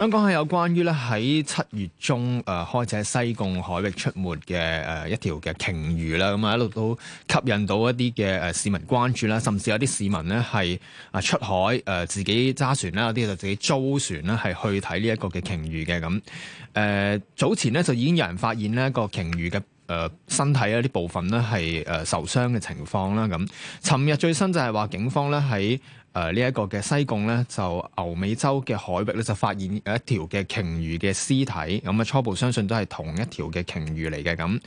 香港係有關於咧喺七月中誒、呃、開始喺西貢海域出沒嘅誒、呃、一條嘅鯨魚啦，咁啊一路都吸引到一啲嘅誒市民關注啦、啊，甚至有啲市民咧係啊出海誒、呃、自己揸船啦，有啲就自己租船啦，係、啊、去睇呢一個嘅鯨魚嘅咁。誒、啊、早前呢，就已經有人發現呢個、啊、鯨魚嘅誒、啊、身體一啲部分咧係誒受傷嘅情況啦。咁尋日最新就係話警方咧喺誒、呃這個、呢一個嘅西貢咧，就牛尾洲嘅海域咧，就發現有一條嘅鯨魚嘅屍體，咁啊初步相信都係同一條嘅鯨魚嚟嘅咁。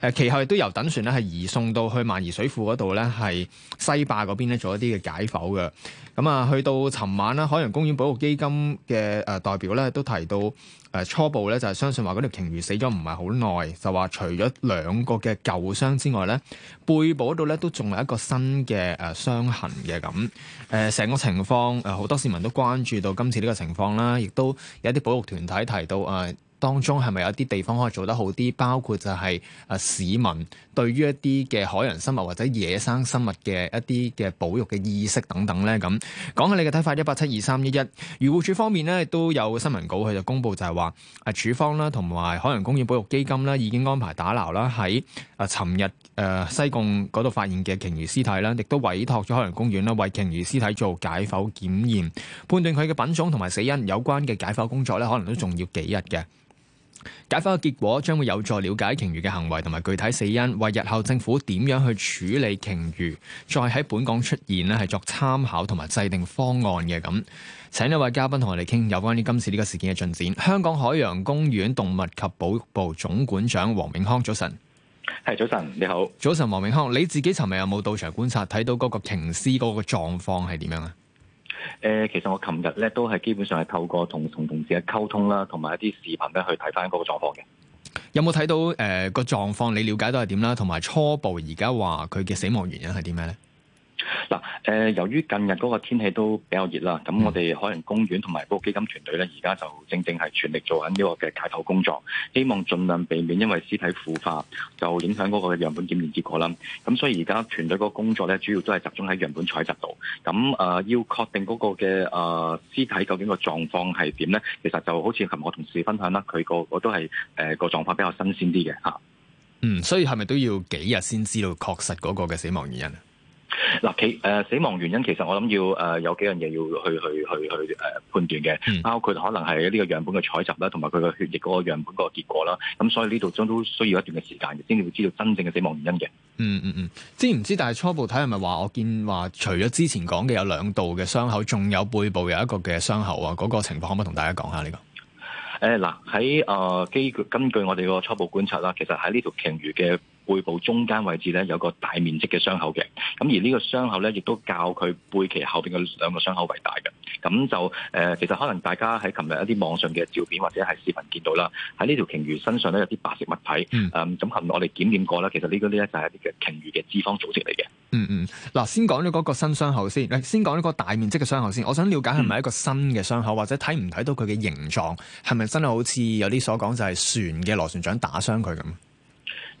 誒，其後亦都由等船咧，係移送到去萬宜水庫嗰度咧，係西壩嗰邊咧做一啲嘅解剖嘅。咁啊，去到尋晚啦，海洋公園保育基金嘅誒、呃、代表咧，都提到誒、呃、初步咧就係、是、相信話嗰條鯨魚死咗唔係好耐，就話除咗兩個嘅舊傷之外咧，背部度咧都仲有一個新嘅誒傷痕嘅咁。誒、呃，成個情況誒，好、呃、多市民都關注到今次呢個情況啦，亦都有一啲保育團體提到啊。呃當中係咪有啲地方可以做得好啲？包括就係啊，市民對於一啲嘅海洋生物或者野生生物嘅一啲嘅保育嘅意識等等呢，咁講下你嘅睇法。一八七二三一一漁護署方面咧，都有新聞稿，佢就公布就係話啊，署方啦同埋海洋公園保育基金呢，已經安排打撈啦喺啊，尋日誒西貢嗰度發現嘅鯨魚屍體啦，亦都委託咗海洋公園啦為鯨魚屍體做解剖檢驗，判斷佢嘅品種同埋死因有關嘅解剖工作呢，可能都仲要幾日嘅。解剖嘅結果將會有助了解鯨魚嘅行為同埋具體死因，為日後政府點樣去處理鯨魚，再喺本港出現咧係作參考同埋制定方案嘅咁。請呢位嘉賓同我哋傾有關於今次呢個事件嘅進展。香港海洋公園動物及保育部總館長黃永康，早晨。係早晨，你好。早晨，黃永康，你自己尋日有冇到場觀察，睇到嗰個鯨屍嗰個狀況係點樣啊？誒、呃，其實我琴日咧都係基本上係透過同同同事嘅溝通啦，同埋一啲視頻咧去睇翻嗰個狀況嘅。有冇睇到誒個狀況？呃、狀況你了解到係點啦？同埋初步而家話佢嘅死亡原因係點樣咧？嗱，誒，由於近日嗰個天氣都比較熱啦，咁我哋海洋公園同埋嗰個基金團隊咧，而家就正正係全力做緊呢個嘅解剖工作，希望盡量避免因為屍體腐化就影響嗰個嘅樣本檢驗結果啦。咁所以而家團隊嗰個工作咧，主要都係集中喺樣本採集度。咁誒，要確定嗰個嘅誒屍體究竟個狀況係點咧，其實就好似琴日我同事分享啦，佢個個都係誒個狀況比較新鮮啲嘅吓。嗯，所以係咪都要幾日先知道確實嗰個嘅死亡原因？嗱，其誒、呃、死亡原因其實我諗要誒、呃、有幾樣嘢要去去去去誒判斷嘅，嗯、包括可能係呢個樣本嘅採集啦，同埋佢嘅血液嗰個樣本嗰個結果啦。咁所以呢度都都需要一段嘅時間先至會知道真正嘅死亡原因嘅、嗯。嗯嗯嗯，知唔知？但係初步睇係咪話？是是我見話除咗之前講嘅有兩道嘅傷口，仲有背部有一個嘅傷口啊！嗰、那個情況可唔可以同大家講下呢、這個？誒嗱、呃，喺誒基根據我哋個初步觀察啦，其實喺呢條鯨魚嘅背部中間位置咧，有個大面積嘅傷口嘅，咁而呢個傷口咧，亦都較佢背鰭後邊嘅兩個傷口為大嘅，咁就誒、呃，其實可能大家喺琴日一啲網上嘅照片或者係視頻見到啦，喺呢條鯨魚身上咧有啲白色物體，咁琴日我哋檢驗過啦，其實呢嗰呢，就係一啲嘅鯨魚嘅脂肪組織嚟嘅。嗯嗯，嗱，先講咗嗰個新傷口先，先講咗個大面積嘅傷口先，我想了解係咪一個新嘅傷口，嗯、或者睇唔睇到佢嘅形狀，係咪真係好似有啲所講就係船嘅螺旋槳打傷佢咁？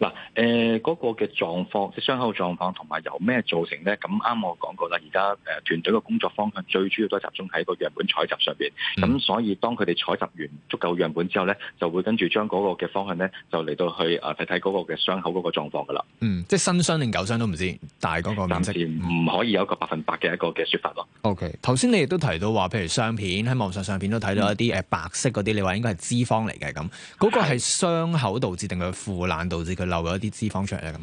嗱，誒嗰、呃嗰個嘅狀況，即傷口狀況，同埋由咩造成咧？咁啱我講過啦，而家誒團隊嘅工作方向最主要都集中喺個樣本採集上邊。咁、嗯、所以當佢哋採集完足夠樣本之後咧，就會跟住將嗰個嘅方向咧，就嚟到去啊睇睇嗰個嘅傷口嗰個狀況㗎喇。嗯，即新傷定舊傷都唔知，但係嗰個暫時唔可以有一個百分百嘅一個嘅説法咯。OK，頭先你亦都提到話，譬如相片喺網上相片都睇到一啲誒白色嗰啲，你話應該係脂肪嚟嘅咁，嗰、嗰個係傷口導致定佢腐爛導致佢？嗯留咗一啲脂肪出嚟咁，誒、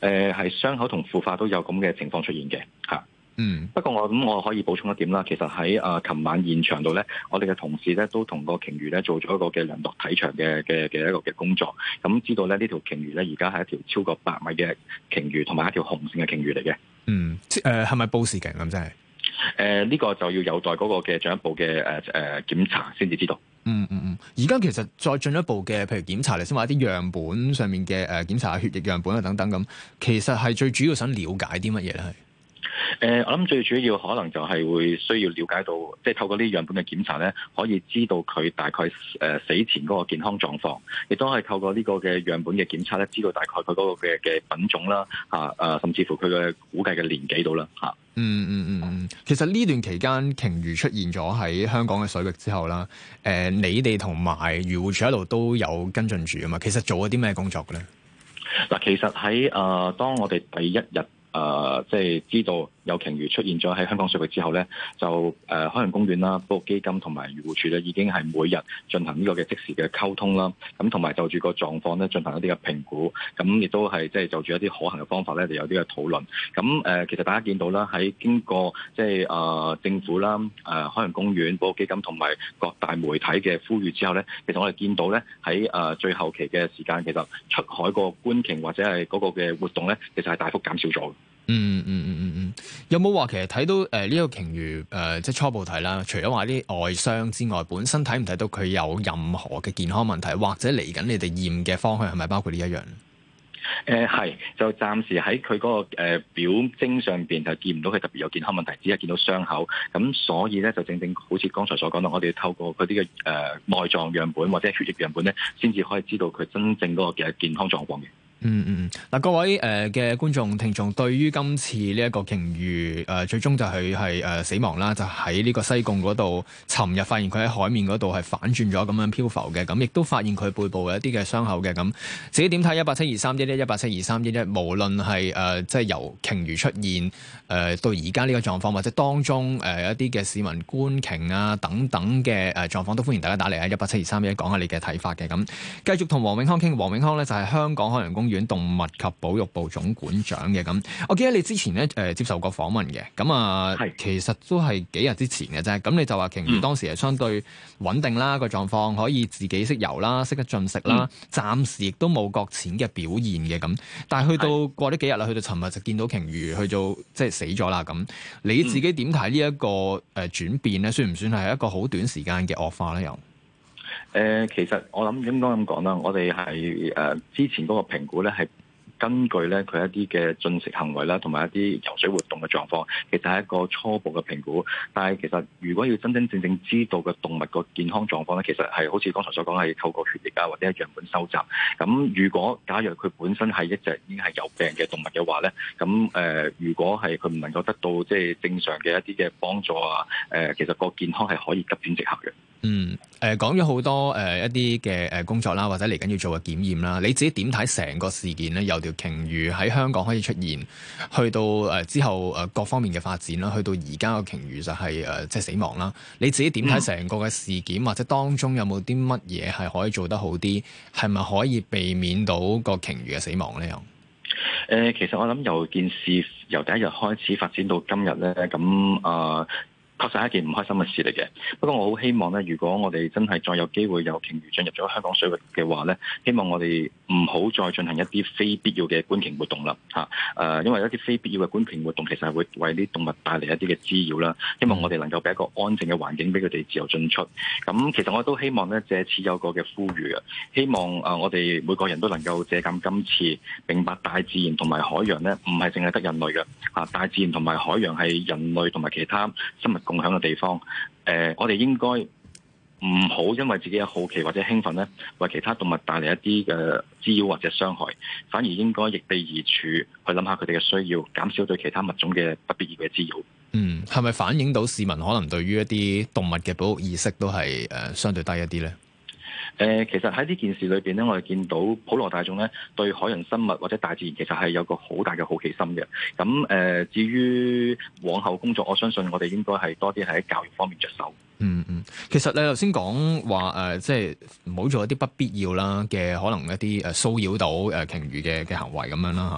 呃，係傷口同腐化都有咁嘅情況出現嘅，吓、嗯，嗯，不過我咁我可以補充一點啦，其實喺誒琴晚現場度咧，我哋嘅同事咧都同個鯨魚咧做咗一個嘅量度體長嘅嘅嘅一個嘅工作，咁、嗯、知道咧呢條鯨魚咧而家係一條超過百米嘅鯨魚，同埋一條紅線嘅鯨魚嚟嘅。嗯，誒係咪布氏鯨咁真係？誒，呢個就要有待嗰個嘅進一步嘅誒誒檢查先至知道。嗯嗯嗯，而家其實再進一步嘅，譬如檢查你先話啲樣本上面嘅誒，檢查血液樣本啊等等咁，其實係最主要想了解啲乜嘢咧？係？誒、呃，我諗最主要可能就係會需要了解到，即係透過呢樣本嘅檢查咧，可以知道佢大概誒、呃、死前嗰個健康狀況。亦都係透過呢個嘅樣本嘅檢測咧，知道大概佢嗰個嘅嘅品種啦，吓、啊、誒、啊，甚至乎佢嘅估計嘅年紀度啦，吓、啊嗯。嗯嗯嗯嗯。其實呢段期間鯨魚出現咗喺香港嘅水域之後啦，誒、呃，你哋同埋漁護署喺度都有跟進住啊嘛。其實做咗啲咩工作咧？嗱，其實喺誒、呃，當我哋第一日。啊，uh，即係知道。有鯨魚出現咗喺香港水域之後咧，就誒海洋公園啦、保育基金同埋漁護署咧，已經係每日進行呢個嘅即時嘅溝通啦。咁同埋就住個狀況咧，進行一啲嘅評估。咁、嗯、亦都係即係就住一啲可行嘅方法咧，就有啲嘅討論。咁、嗯、誒、呃，其實大家見到啦，喺經過即係誒政府啦、誒海洋公園、保育基金同埋各大媒體嘅呼籲之後咧，其實我哋見到咧喺誒最後期嘅時間，其實出海個觀鯨或者係嗰個嘅活動咧，其實係大幅減少咗。嗯嗯嗯嗯嗯，有冇話其實睇到誒呢個鯨魚誒、呃，即係初步睇啦，除咗話啲外傷之外，本身睇唔睇到佢有任何嘅健康問題，或者嚟緊你哋驗嘅方向係咪包括呢一樣咧？誒、呃，係就暫時喺佢嗰個誒表徵上邊就見唔到佢特別有健康問題，只係見到傷口，咁所以咧就正正好似剛才所講到，我哋要透過嗰啲嘅誒內臟樣本或者血液樣本咧，先至可以知道佢真正嗰個嘅健康狀況嘅。嗯嗯，嗯，嗱各位誒嘅、呃、觀眾聽眾對於今次呢一個鯨魚誒、呃、最終就係係誒死亡啦，就喺、是、呢個西貢嗰度尋日發現佢喺海面嗰度係反轉咗咁樣漂浮嘅，咁亦都發現佢背部有一啲嘅傷口嘅咁。自己點睇？一八七二三一一一八七二三一一無論係誒即係由鯨魚出現誒、呃、到而家呢個狀況或者當中誒一啲嘅市民觀鯨啊等等嘅誒狀況都歡迎大家打嚟啊！31, 一八七二三一一講下你嘅睇法嘅咁，繼續同黃永康傾，黃永康咧就係香港海洋公院動物及保育部總館長嘅咁，我記得你之前咧誒、呃、接受過訪問嘅，咁啊，是其實都係幾日之前嘅啫。咁你就話鯨魚當時係相對穩定啦個狀況，嗯、狀況可以自己識游啦，識得進食啦，暫、嗯、時亦都冇擱淺嘅表現嘅咁。但係去到過咗幾日是、就是、啦，去到尋日就見到鯨魚去到即係死咗啦咁。你自己點睇呢、嗯、呢一個誒轉變咧？算唔算係一個好短時間嘅惡化咧？又？誒、呃，其實我諗應該咁講啦，我哋係誒之前嗰個評估咧，係根據咧佢一啲嘅進食行為啦，同埋一啲游水活動嘅狀況，其實係一個初步嘅評估。但係其實如果要真真正正知道嘅動物個健康狀況咧，其實係好似剛才所講，係透過血液啊或者樣本收集。咁如果假若佢本身係一隻已經係有病嘅動物嘅話咧，咁誒、呃、如果係佢唔能夠得到即係正常嘅一啲嘅幫助啊，誒、呃、其實個健康係可以急轉直下嘅。嗯，誒、呃、講咗好多誒、呃、一啲嘅誒工作啦，或者嚟緊要做嘅檢驗啦。你自己點睇成個事件咧？有條鯨魚喺香港開始出現，去到誒、呃、之後誒、呃、各方面嘅發展啦，去到而家個鯨魚就係、是、誒、呃、即係死亡啦。你自己點睇成個嘅事件，或者當中有冇啲乜嘢係可以做得好啲，係咪可以避免到個鯨魚嘅死亡咧？又誒、呃，其實我諗由件事由第一日開始發展到今日咧，咁啊。呃確實係一件唔開心嘅事嚟嘅。不過我好希望咧，如果我哋真係再有機會有鯨魚進入咗香港水域嘅話咧，希望我哋唔好再進行一啲非必要嘅觀鯨活動啦。嚇，誒，因為一啲非必要嘅觀鯨活動其實係會為啲動物帶嚟一啲嘅滋擾啦。希望我哋能夠俾一個安靜嘅環境俾佢哋自由進出。咁、啊、其實我都希望咧，借此有個嘅呼籲啊，希望誒、啊、我哋每個人都能夠借鑑今次，明白大自然同埋海洋咧，唔係淨係得人類嘅嚇、啊。大自然同埋海洋係人類同埋其他生物。共享嘅地方，誒、呃，我哋應該唔好因為自己嘅好奇或者興奮咧，為其他動物帶嚟一啲嘅滋擾或者傷害，反而應該逆地而處，去諗下佢哋嘅需要，減少對其他物種嘅不必要嘅滋擾。嗯，係咪反映到市民可能對於一啲動物嘅保護意識都係誒、呃、相對低一啲咧？誒、呃，其實喺呢件事裏邊咧，我哋見到普羅大眾咧，對海洋生物或者大自然，其實係有個好大嘅好奇心嘅。咁、呃、誒，至於往後工作，我相信我哋應該係多啲喺教育方面着手。嗯嗯，其實你頭先講話誒，即係唔好做一啲不必要啦嘅可能一啲誒騷擾到誒鯨魚嘅嘅行為咁樣啦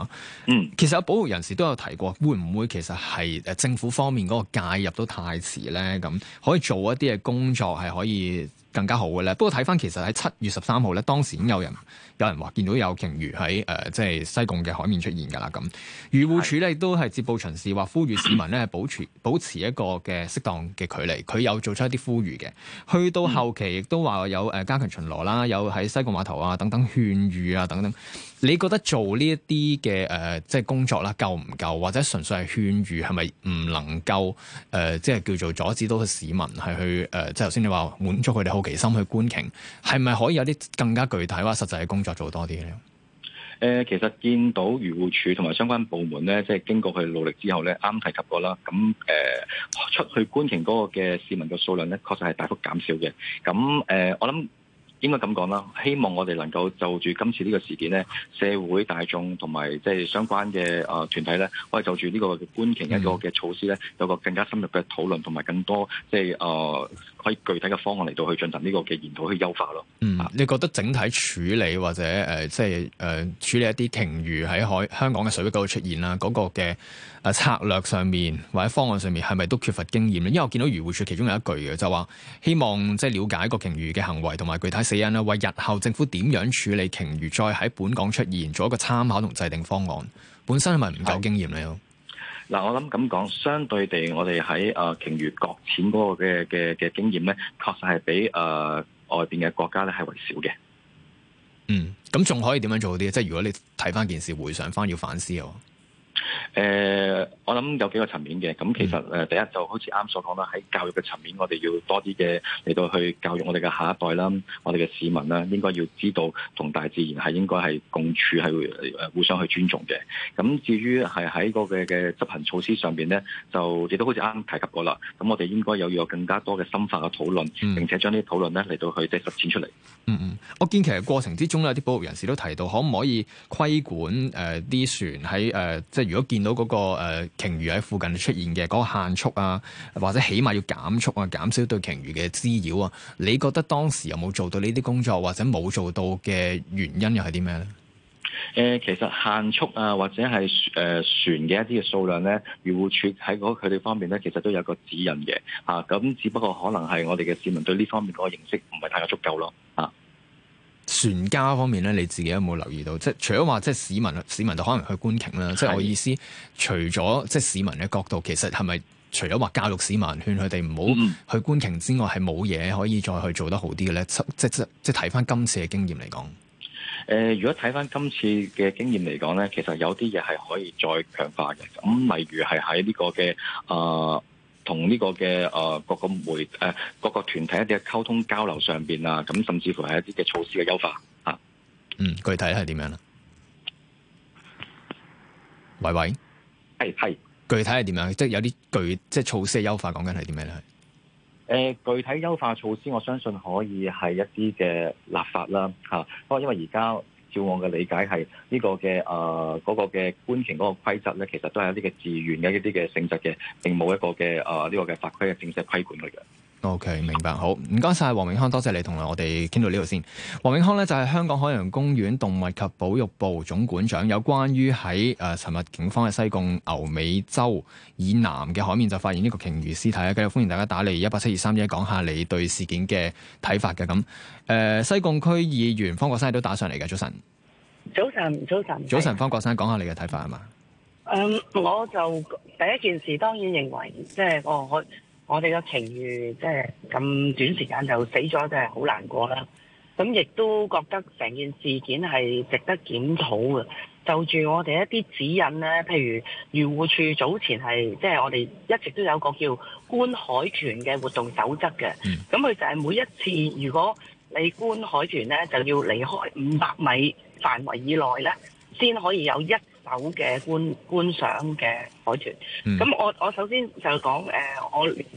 吓。嗯，其實啊，保護人士都有提過，會唔會其實係誒政府方面嗰個介入都太遲咧？咁可以做一啲嘅工作係可以。更加好嘅咧，不過睇返其實喺七月十三號呢，當時已經有人。有人話見到有鯨魚喺誒、呃、即係西貢嘅海面出現㗎啦，咁漁護署咧都係接報巡視，話呼籲市民咧保持保持一個嘅適當嘅距離。佢有做出一啲呼籲嘅，去到後期亦都話有誒加強巡邏啦，有喺西貢碼頭啊等等勸喻啊等等。你覺得做呢一啲嘅誒即係工作啦夠唔夠，或者純粹係勸喻係咪唔能夠誒、呃、即係叫做阻止到個市民係去誒、呃、即係頭先你話滿足佢哋好奇心去觀鯨，係咪可以有啲更加具體或者實際嘅工作？做多啲咯。誒，其實見到漁護署同埋相關部門咧，即係經過佢努力之後咧，啱提及過啦。咁誒、呃，出去觀鯨嗰個嘅市民嘅數量咧，確實係大幅減少嘅。咁誒、呃，我諗。應該咁講啦，希望我哋能夠就住今次呢個事件呢，社會大眾同埋即係相關嘅誒團體呢可以就住呢個嘅觀鯨一個嘅措施呢、嗯、有個更加深入嘅討論，同埋更多即係誒可以具體嘅方案嚟到去進行呢個嘅研討去優化咯。嗯，你覺得整體處理或者誒即係誒處理一啲鯨魚喺海香港嘅水域嗰度出現啦，嗰、那個嘅誒策略上面或者方案上面係咪都缺乏經驗咧？因為我見到漁護署其中有一句嘅就話、是，希望即係、就是、了解一個鯨魚嘅行為同埋具體。死因啦，為日後政府點樣處理鯨魚再喺本港出現，做一個參考同制定方案，本身係咪唔夠經驗咧？嗱、啊，我諗咁講，相對地我，我哋喺誒鯨魚擱淺嗰個嘅嘅嘅經驗咧，確實係比誒、呃、外邊嘅國家咧係為少嘅。嗯，咁仲可以點樣做好啲？即係如果你睇翻件事，回想翻要反思哦。誒、呃，我諗有幾個層面嘅，咁其實誒、呃，第一就好似啱所講啦，喺教育嘅層面，我哋要多啲嘅嚟到去教育我哋嘅下一代啦，我哋嘅市民啦，應該要知道同大自然係應該係共處，係會互相去尊重嘅。咁至於係喺個嘅嘅執行措施上邊咧，就亦都好似啱提及過啦。咁我哋應該有要有更加多嘅深化嘅討論，並且將啲討論咧嚟到去即係實踐出嚟。嗯。嗯，我見其實過程之中有啲保育人士都提到，可唔可以規管誒啲、呃呃、船喺誒、呃、即係。如果見到嗰、那個誒、呃、鯨魚喺附近出現嘅，嗰個限速啊，或者起碼要減速啊，減少對鯨魚嘅滋擾啊，你覺得當時有冇做到呢啲工作，或者冇做到嘅原因又係啲咩咧？誒、呃，其實限速啊，或者係誒、呃、船嘅一啲嘅數量咧，漁護署喺佢哋方面咧，其實都有個指引嘅嚇，咁、啊、只不過可能係我哋嘅市民對呢方面嗰個認識唔係太夠足夠咯。船家方面咧，你自己有冇留意到？即係除咗話，即係市民，市民就可能去觀鯨啦。嗯、即係我意思，除咗即係市民嘅角度，其實係咪除咗話教育市民，勸佢哋唔好去觀鯨之外，係冇嘢可以再去做得好啲嘅咧？即即即係睇翻今次嘅經驗嚟講，誒、呃，如果睇翻今次嘅經驗嚟講咧，其實有啲嘢係可以再強化嘅。咁例如係喺呢個嘅啊。呃同呢個嘅誒各個媒誒各、呃那個團體一啲嘅溝通交流上邊啊，咁甚至乎係一啲嘅措施嘅優化啊。嗯，具體係點樣啦？喂，喂，係係，具體係點樣？即係有啲具即係措施嘅優化，講緊係點樣咧？誒，具體優化措施，我相信可以係一啲嘅立法啦。嚇、啊，不過因為而家。照我嘅理解係、這個呃那個、呢個嘅誒，嗰個嘅官權嗰個規則咧，其實都係一啲嘅自願嘅一啲嘅性質嘅，並冇一個嘅誒，呢、呃這個嘅法規嘅正式規管嚟嘅。O.K. 明白，好唔該晒，黃永康，多謝你同我哋傾到呢度先。黃永康呢，就係、是、香港海洋公園動物及保育部總館長，有關於喺誒，尋、呃、日警方喺西貢牛尾洲以南嘅海面就發現呢個鯨魚屍體咧，繼續歡迎大家打嚟，一八七二三一講下你對事件嘅睇法嘅咁。誒、呃，西貢區議員方國山都打上嚟嘅，早晨，早晨，早晨，早晨，早晨，的方國山講下你嘅睇法啊嘛。誒，um, 我就第一件事，當然認為即係我。我我哋嘅情誼，即係咁短時間就死咗，真係好難過啦。咁亦都覺得成件事件係值得檢討嘅。就住我哋一啲指引咧，譬如漁護署早前係即係我哋一直都有個叫觀海豚嘅活動守則嘅。咁佢、mm. 就係每一次，如果你觀海豚咧，就要離開五百米範圍以內咧，先可以有一。手嘅觀觀賞嘅海豚，咁、嗯、我我首先就講誒、呃，我即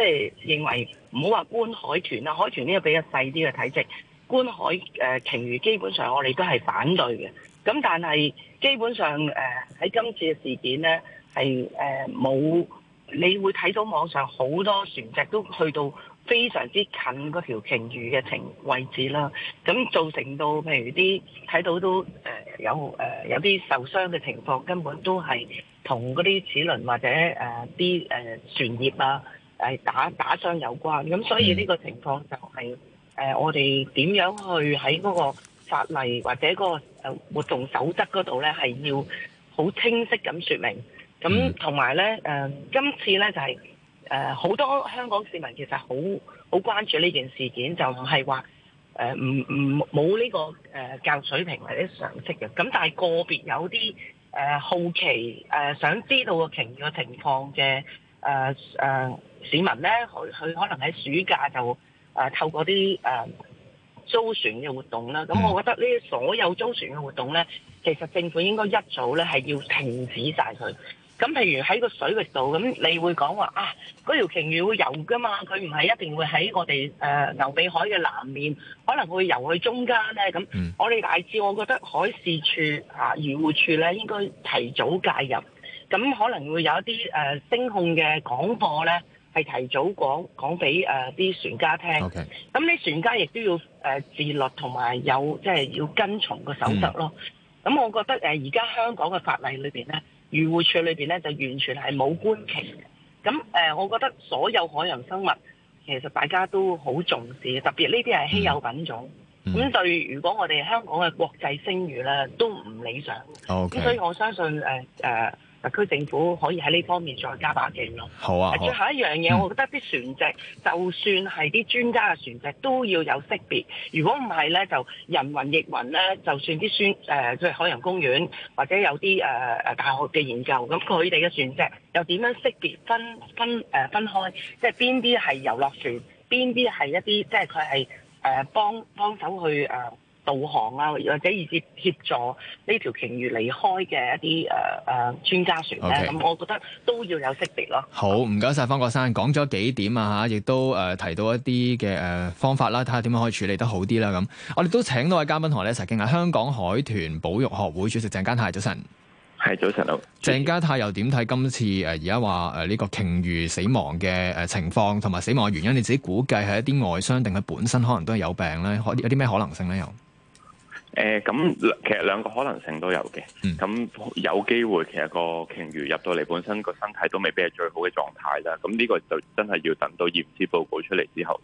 係、就是、認為唔好話觀海豚啦，海豚呢個比較細啲嘅體積，觀海誒鯨魚基本上我哋都係反對嘅，咁但係基本上誒喺、呃、今次嘅事件咧係誒冇你會睇到網上好多船隻都去到。非常之近嗰條鯨魚嘅情位置啦，咁造成到譬如啲睇到都誒、呃、有誒、呃、有啲受傷嘅情況，根本都係同嗰啲齒輪或者誒啲誒船葉啊，係打打傷有關。咁所以呢個情況就係、是、誒、呃、我哋點樣去喺嗰個法例或者嗰個活動守則嗰度咧，係要好清晰咁説明。咁同埋咧誒，今次咧就係、是。誒好、呃、多香港市民其實好好關注呢件事件，就唔係話誒唔唔冇呢個誒、呃、教育水平或者常識嘅，咁但係個別有啲誒、呃、好奇誒、呃、想知道個鯨魚個情況嘅誒誒市民咧，佢、呃、佢可能喺暑假就誒、呃、透過啲誒、呃、租船嘅活動啦。咁我覺得呢啲所有租船嘅活動咧，其實政府應該一早咧係要停止晒佢。咁譬如喺個水嘅度，咁你會講話啊，嗰條鯨魚會游噶嘛？佢唔係一定會喺我哋誒、呃、牛尾海嘅南面，可能會游去中間咧。咁我哋大致，我覺得海事處啊漁護處咧應該提早介入，咁可能會有一啲誒、呃、聲控嘅廣播咧，係提早講講俾誒啲船家聽。咁啲 Okay. 船家亦都要誒、呃、自律同埋有，有，即、就、係、是、要跟從個守則咯。咁、嗯、我覺得誒而家香港嘅法例裏邊咧。漁護署裏邊咧就完全係冇觀鯨嘅，咁誒、呃，我覺得所有海洋生物其實大家都好重視，特別呢啲係稀有品種，咁、mm hmm. 對，如果我哋香港嘅國際聲譽咧都唔理想，咁 Okay. 所以我相信誒誒。呃呃特區政府可以喺呢方面再加把勁咯、啊。好啊！最後一樣嘢，我覺得啲船隻，嗯、就算係啲專家嘅船隻，都要有識別。如果唔係咧，就人云亦云咧。就算啲船誒即係海洋公園或者有啲誒誒大學嘅研究，咁佢哋嘅船隻又點樣識別分分誒、呃、分開？即係邊啲係遊樂船，邊啲係一啲即係佢係誒幫幫手去誒。呃導航啊，或者以至協助呢條鯨魚離開嘅一啲誒誒專家船咧，咁 Okay.、嗯、我覺得都要有識別咯。好，唔該晒，方國生，講咗幾點啊嚇，亦都誒、呃、提到一啲嘅誒方法啦，睇下點樣可以處理得好啲啦咁。我哋都請到位嘉賓同我哋一齊傾下。香港海豚保育學會主席鄭家泰早晨，係早晨啊。鄭家泰，鄭家泰又點睇今次誒而家話誒呢個鯨魚死亡嘅誒情況同埋死亡嘅原因？你自己估計係一啲外傷定係本身可能都係有病咧？可有啲咩可能性咧？又？誒咁、嗯嗯，其實兩個可能性都有嘅。咁有機會，其實個鯨魚入到嚟本身個身體都未必係最好嘅狀態啦。咁呢個就真係要等到驗屍報告出嚟之後，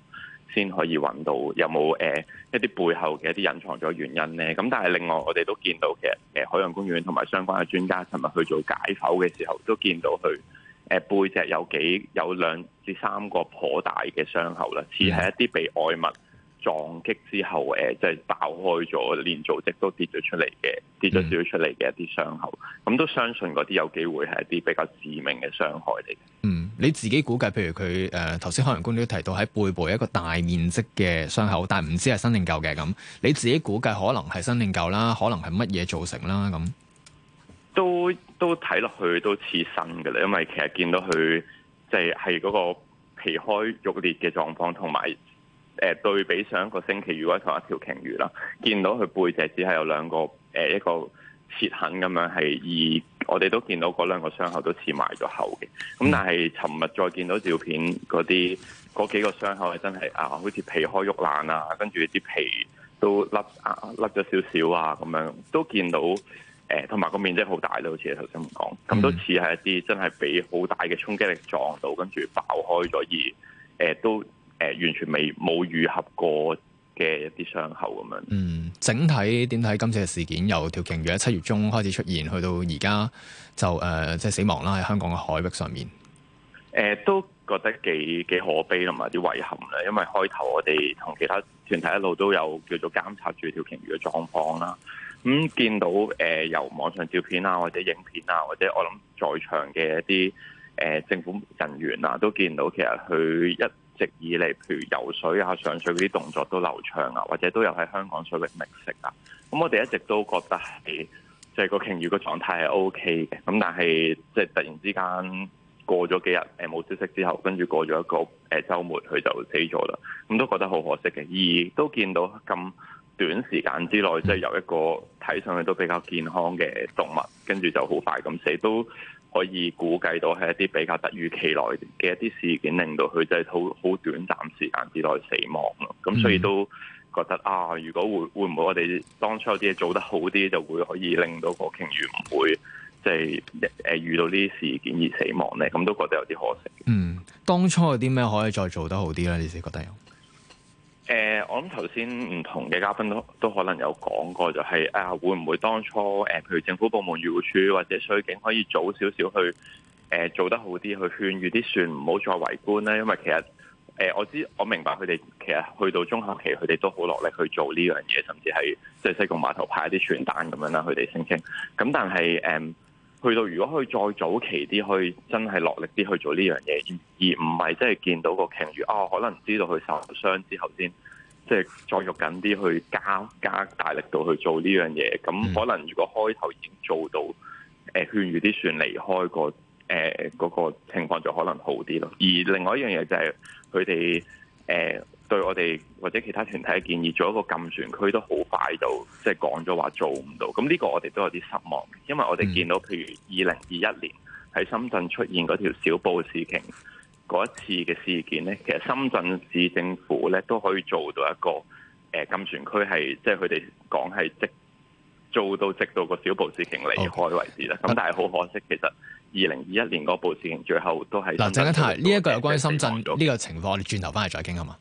先可以揾到有冇誒、呃、一啲背後嘅一啲隱藏咗原因呢。咁但係另外，我哋都見到其實誒、呃、海洋公園同埋相關嘅專家琴日去做解剖嘅時候，都見到佢誒、呃、背脊有幾有兩至三個頗大嘅傷口啦，似係一啲被外物撞擊之後，誒，即係爆開咗，連組織都跌咗出嚟嘅，跌咗少出嚟嘅一啲傷口，咁，嗯，都相信嗰啲有機會係一啲比較致命嘅傷害嚟嘅。嗯，你自己估計，譬如佢誒頭先海洋公園都提到喺背部一個大面積嘅傷口，但係唔知係新定舊嘅咁。你自己估計可能係新定舊啦，可能係乜嘢造成啦咁？都都睇落去都似新嘅啦，因為其實見到佢即係係嗰個皮開肉裂嘅狀況同埋。誒對比上一個星期，如果同一條鯨魚啦，見到佢背脊只係有兩個誒一個切痕咁樣係，而我哋都見到嗰兩個傷口都似埋咗口嘅。咁但係尋日再見到照片嗰啲嗰幾個傷口係真係啊，好似皮開肉爛啊，跟住啲皮都甩甩咗少少啊咁樣，都見到誒，同埋個面積好大咯，好似頭先講，咁都似係一啲真係俾好大嘅衝擊力撞到，跟住爆開咗而誒、啊、都。誒、呃，完全未冇愈合過嘅一啲傷口咁樣。嗯，整體點睇今次嘅事件？由條鯨魚喺七月中開始出現，去到而家就誒、呃，即係死亡啦，喺香港嘅海域上面。誒、呃，都覺得幾幾可悲同埋啲遺憾啦，因為開頭我哋同其他團體一路都有叫做監察住條鯨魚嘅狀況啦。咁、嗯、見到誒、呃，由網上照片啊，或者影片啊，或者我諗在場嘅一啲誒、呃、政府人員啊，都見到其實佢一。直以嚟，譬如游水啊、上水嗰啲動作都流暢啊，或者都有喺香港水域覓食啊。咁、嗯、我哋一直都覺得係即係個鯨魚個狀態係 O K 嘅。咁、嗯、但係即係突然之間過咗幾日誒冇消息之後，跟住過咗一個誒週末佢就死咗啦。咁、嗯、都覺得好可惜嘅。而都見到咁短時間之內，即係由一個睇上去都比較健康嘅動物，跟住就好快咁死都。可以估計到係一啲比較突如其來嘅一啲事件，令到佢就係好好短暫時間之內死亡咯。咁所以都覺得啊，如果會會唔會我哋當初有啲嘢做得好啲，就會可以令到個鯨魚唔會即係誒遇到呢啲事件而死亡咧？咁都覺得有啲可惜。嗯，當初有啲咩可以再做得好啲咧？你先覺得有？誒、呃，我諗頭先唔同嘅嘉賓都都可能有講過、就是，就係啊，會唔會當初誒、呃，譬如政府部門漁護處或者水警可以早少少去誒、呃、做得好啲，去勸喻啲船唔好再圍觀呢？因為其實誒、呃，我知我明白佢哋其實去到中後期，佢哋都好落力去做呢樣嘢，甚至係即係西貢碼頭派一啲傳單咁樣啦，佢哋聲稱。咁但係誒。呃去到如果佢再早期啲去，真係落力啲去做呢樣嘢，而唔係即係見到個鯨魚哦可能知道佢受傷之後先，即、就、係、是、再肉緊啲去加加大力度去做呢樣嘢。咁可能如果開頭已經做到，勸、呃、勸住啲船離開、那個誒嗰、呃那個情況就可能好啲咯。而另外一樣嘢就係佢哋誒。對我哋或者其他團體嘅建議，做一個禁船區都好快到，即係講咗話做唔到，咁呢個我哋都有啲失望，因為我哋見到譬如二零二一年喺深圳出現嗰條小布事件嗰一次嘅事件，呢其實深圳市政府呢都可以做到一個誒、呃、禁船區，係即係佢哋講係即做到即直到個小布事件離開為止啦。咁 Okay. 但係好可惜，其實二零二一年嗰個事情最後都係嗱，鄭家泰呢一個有關於深圳呢個情況，你哋轉頭翻嚟再傾好嘛？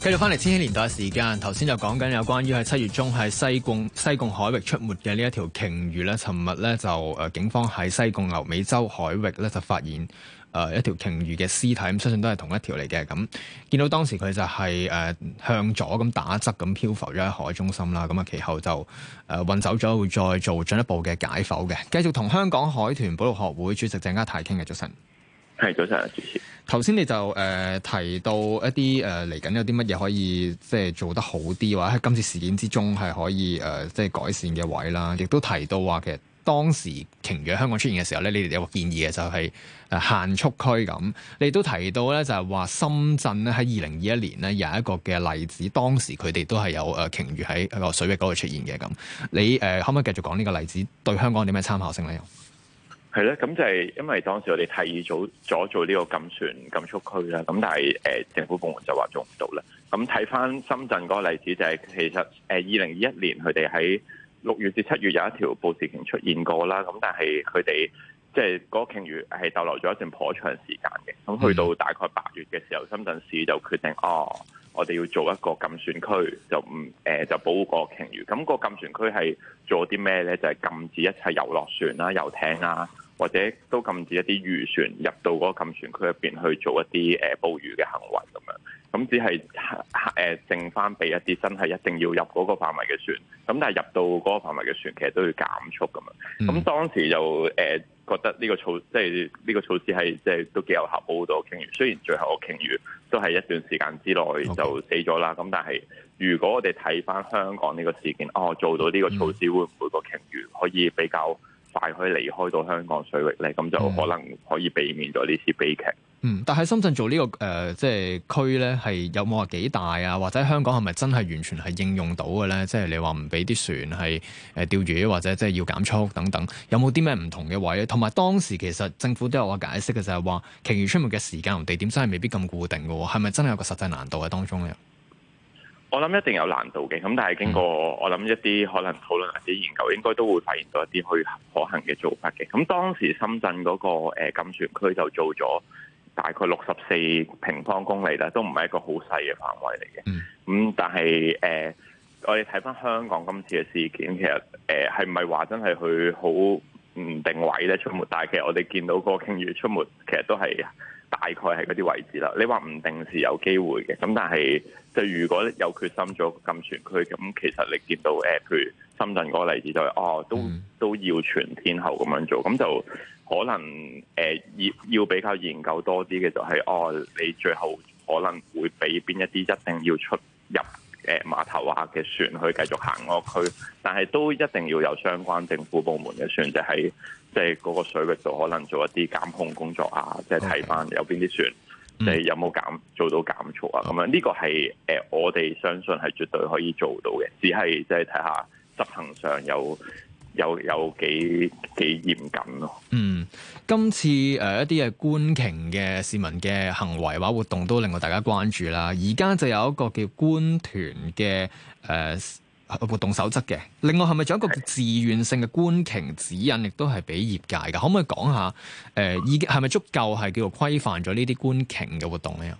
繼續翻嚟千禧年代時間，頭先就講緊有關於喺七月中喺西貢西貢海域出沒嘅呢一條鯨魚咧，尋日咧就誒、呃、警方喺西貢牛尾洲海域咧就發現誒、呃、一條鯨魚嘅屍體，咁相信都係同一條嚟嘅。咁見到當時佢就係、是、誒、呃、向左咁打側咁漂浮咗喺海中心啦，咁啊其後就誒、呃、運走咗，會再做進一步嘅解剖嘅。繼續同香港海豚保育學會主席鄭家泰傾嘅早晨。係，早晨。頭先你就誒、呃、提到一啲誒嚟緊有啲乜嘢可以即係、就是、做得好啲，或者喺今次事件之中係可以誒即係改善嘅位啦。亦都提到話其實當時鯨魚喺香港出現嘅時候咧，你哋有個建議嘅就係、是、誒限速區咁。你都提到咧就係話深圳咧喺二零二一年咧有一個嘅例子，當時佢哋都係有誒鯨魚喺一個水域嗰度出現嘅咁。你誒、呃、可唔可以繼續講呢個例子對香港有啲咩參考性咧？係咧，咁就係因為當時我哋提議阻阻做呢個禁船禁速區啦，咁但係誒、呃、政府部門就話做唔到啦。咁睇翻深圳個例子、就是，就係其實誒二零二一年佢哋喺六月至七月有一條布氏鯨出現過啦，咁但係佢哋即係個鯨魚係逗留咗一段頗長時間嘅。咁去的到大概八月嘅時候，深圳市就決定哦，我哋要做一個禁船區，就唔誒、呃、就保護個鯨魚。咁個禁船區係做啲咩咧？就係、是、禁止一切遊樂船啦、遊艇啦。或者都禁止一啲漁船入到嗰個禁船區入邊去做一啲誒、呃、捕魚嘅行為，咁樣咁只係誒、呃、剩翻俾一啲真係一定要入嗰個範圍嘅船。咁但係入到嗰個範圍嘅船，其實都要減速咁樣咁、嗯、當時又誒、呃、覺得呢個措，即係呢、呢個措施係即係都幾有效，好多鯨魚。雖然最後個鯨魚都係一段時間之內就死咗啦。咁 Okay. 但係如果我哋睇翻香港呢個事件，哦做到呢個措施、嗯、會唔會個鯨魚可以比較快可以離開到香港水域咧，咁就可能可以避免咗呢次悲劇。嗯，但喺深圳做、這個呃就是、區呢個誒，即係區咧，係有冇話幾大啊？或者香港係咪真係完全係應用到嘅咧？即、就、係、是、你話唔俾啲船係誒、呃、釣魚，或者即係要減速等等，有冇啲咩唔同嘅位？同埋當時其實政府都有話解釋嘅，就係話鯨魚出沒嘅時間同地點真係未必咁固定嘅、啊。係咪真係有個實際難度喺當中咧？我諗一定有難度嘅，咁但係經過我諗一啲可能討論或者研究，應該都會發現到一啲去可行嘅做法嘅。咁當時深圳嗰、那個誒禁船區就做咗大概六十四平方公里啦，都唔係一個好細嘅範圍嚟嘅。咁、嗯、但係誒、呃，我哋睇翻香港今次嘅事件，其實誒係唔係話真係去好。唔定位咧出沒，但係其實我哋見到個鯨魚出沒，其實都係大概係嗰啲位置啦。你話唔定時有機會嘅，咁但係即係如果有決心咗咁全區，咁其實你見到誒，譬、呃、如深圳嗰例子就係哦，都都要全天候咁樣做，咁就可能誒要、呃、要比較研究多啲嘅就係、是、哦，你最後可能會俾邊一啲一定要出入。誒、呃、碼頭啊嘅船去繼續行嗰個區，但係都一定要有相關政府部門嘅船，就喺即係嗰個水域度可能做一啲監控工作啊，即係睇翻有邊啲船，即係有冇減做到減速啊？咁樣呢個係誒、呃，我哋相信係絕對可以做到嘅，只係即係睇下執行上有。有有幾幾嚴謹咯、啊。嗯，今次誒、呃、一啲嘅觀鯨嘅市民嘅行為或活動都令到大家關注啦。而家就有一個叫觀團嘅誒、呃、活動守則嘅。另外係咪仲有一個嘅自願性嘅觀鯨指引，亦都係俾業界嘅？可唔可以講下誒？依係咪足夠係叫做規範咗呢啲觀鯨嘅活動咧？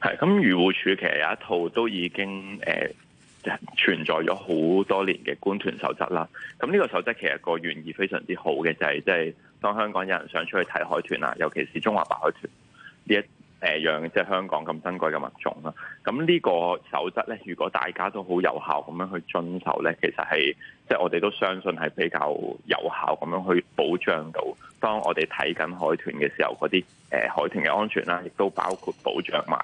係咁，漁護署其實有一套都已經誒。呃存在咗好多年嘅觀豚守則啦，咁呢個守則其實個原意非常之好嘅，就係即係當香港有人想出去睇海豚啊，尤其是中華白海豚呢一誒樣即係香港咁珍貴嘅物種啦。咁呢個守則呢，如果大家都好有效咁樣去遵守呢，其實係即係我哋都相信係比較有效咁樣去保障到，當我哋睇緊海豚嘅時候嗰啲誒海豚嘅安全啦，亦都包括保障埋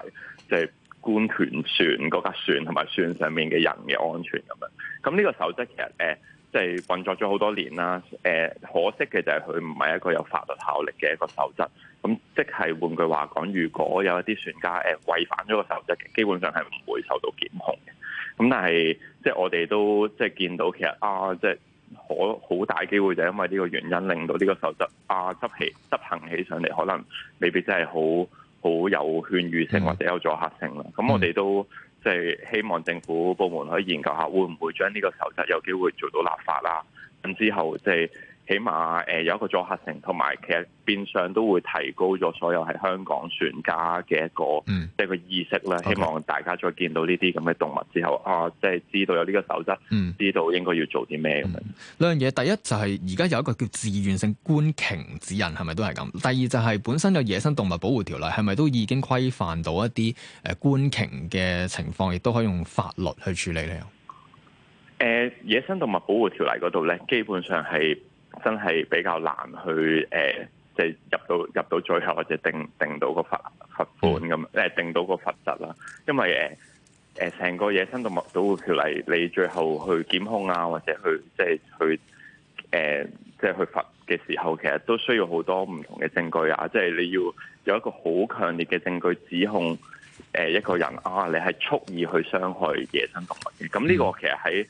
即係。就是官權船嗰架船同埋船上面嘅人嘅安全咁樣，咁呢個守則其實誒，即係運作咗好多年啦。誒，可惜嘅就係佢唔係一個有法律效力嘅一個守則。咁即係換句話講，如果有一啲船家誒違反咗個守則嘅，基本上係唔會受到檢控嘅。咁但係即係我哋都即係見到其實啊，即係可好大機會就係因為呢個原因令到呢個守則啊執起執行起上嚟，可能未必真係好。好有勸喻性或者有阻嚇性啦，咁 我哋都即係希望政府部門可以研究下，會唔會將呢個守則有機會做到立法啦，咁之後即係。起碼誒有一個阻嚇性，同埋其實變相都會提高咗所有喺香港船家嘅一個，即係個意識啦。嗯、希望大家再見到呢啲咁嘅動物之後，嗯、啊，即、就、係、是、知道有呢個守則，嗯、知道應該要做啲咩咁樣。兩樣嘢，第一就係而家有一個叫自願性觀鯨指引，係咪都係咁？第二就係本身有野生動物保護條例，係咪都已經規範到一啲誒觀鯨嘅情況，亦都可以用法律去處理咧？誒、呃，野生動物保護條例嗰度咧，基本上係。真係比較難去誒，即係入到入到最後或者定定到個罰罰款咁，誒定到個罰則啦。因為誒誒成個野生動物保護條例，你最後去檢控啊，或者去即係去誒，即係去罰嘅時候，其實都需要好多唔同嘅證據啊。即係你要有一個好強烈嘅證據指控誒一個人啊，你係蓄意去傷害野生動物嘅。咁呢個其實喺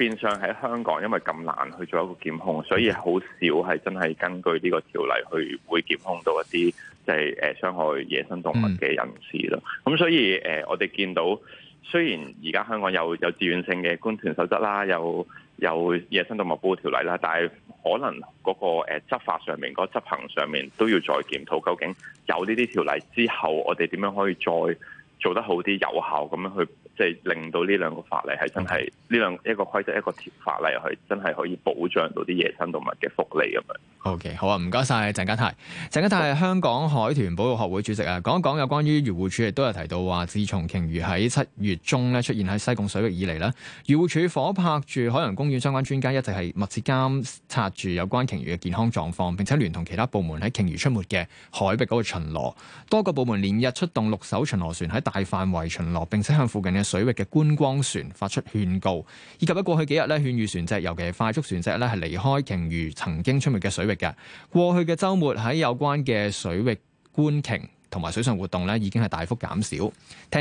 變相喺香港，因為咁難去做一個檢控，所以好少係真係根據呢個條例去會檢控到一啲即係誒傷害野生動物嘅人士咯。咁、嗯、所以誒、呃，我哋見到雖然而家香港有有自願性嘅官權守則啦，有有野生動物保護條例啦，但係可能嗰個誒執法上面、嗰、那個、執行上面都要再檢討，究竟有呢啲條例之後，我哋點樣可以再做得好啲、有效咁樣去。即令到呢兩個法例係真係呢 Okay. 兩一個規則一個法例去真係可以保障到啲野生動物嘅福利咁樣。O.K. 好啊，唔該晒鄭家泰。鄭家泰係香港海豚保育學會主席啊，講一講有關於漁護署亦都有提到話自從鯨魚喺七月中咧出現喺西貢水域以嚟咧，漁護署伙拍住海洋公園相關專家一直係密切監察住有關鯨魚嘅健康狀況，並且聯同其他部門喺鯨魚出沒嘅海域嗰度巡邏，多個部門連日出動六艘巡邏船喺大範圍巡邏，並且向附近嘅。水域嘅觀光船發出勸告，以及喺過去幾日咧勸喻船隻，尤其係快速船隻咧係離開鯨魚曾經出沒嘅水域嘅。過去嘅周末喺有關嘅水域觀鯨同埋水上活動咧已經係大幅減少。聽。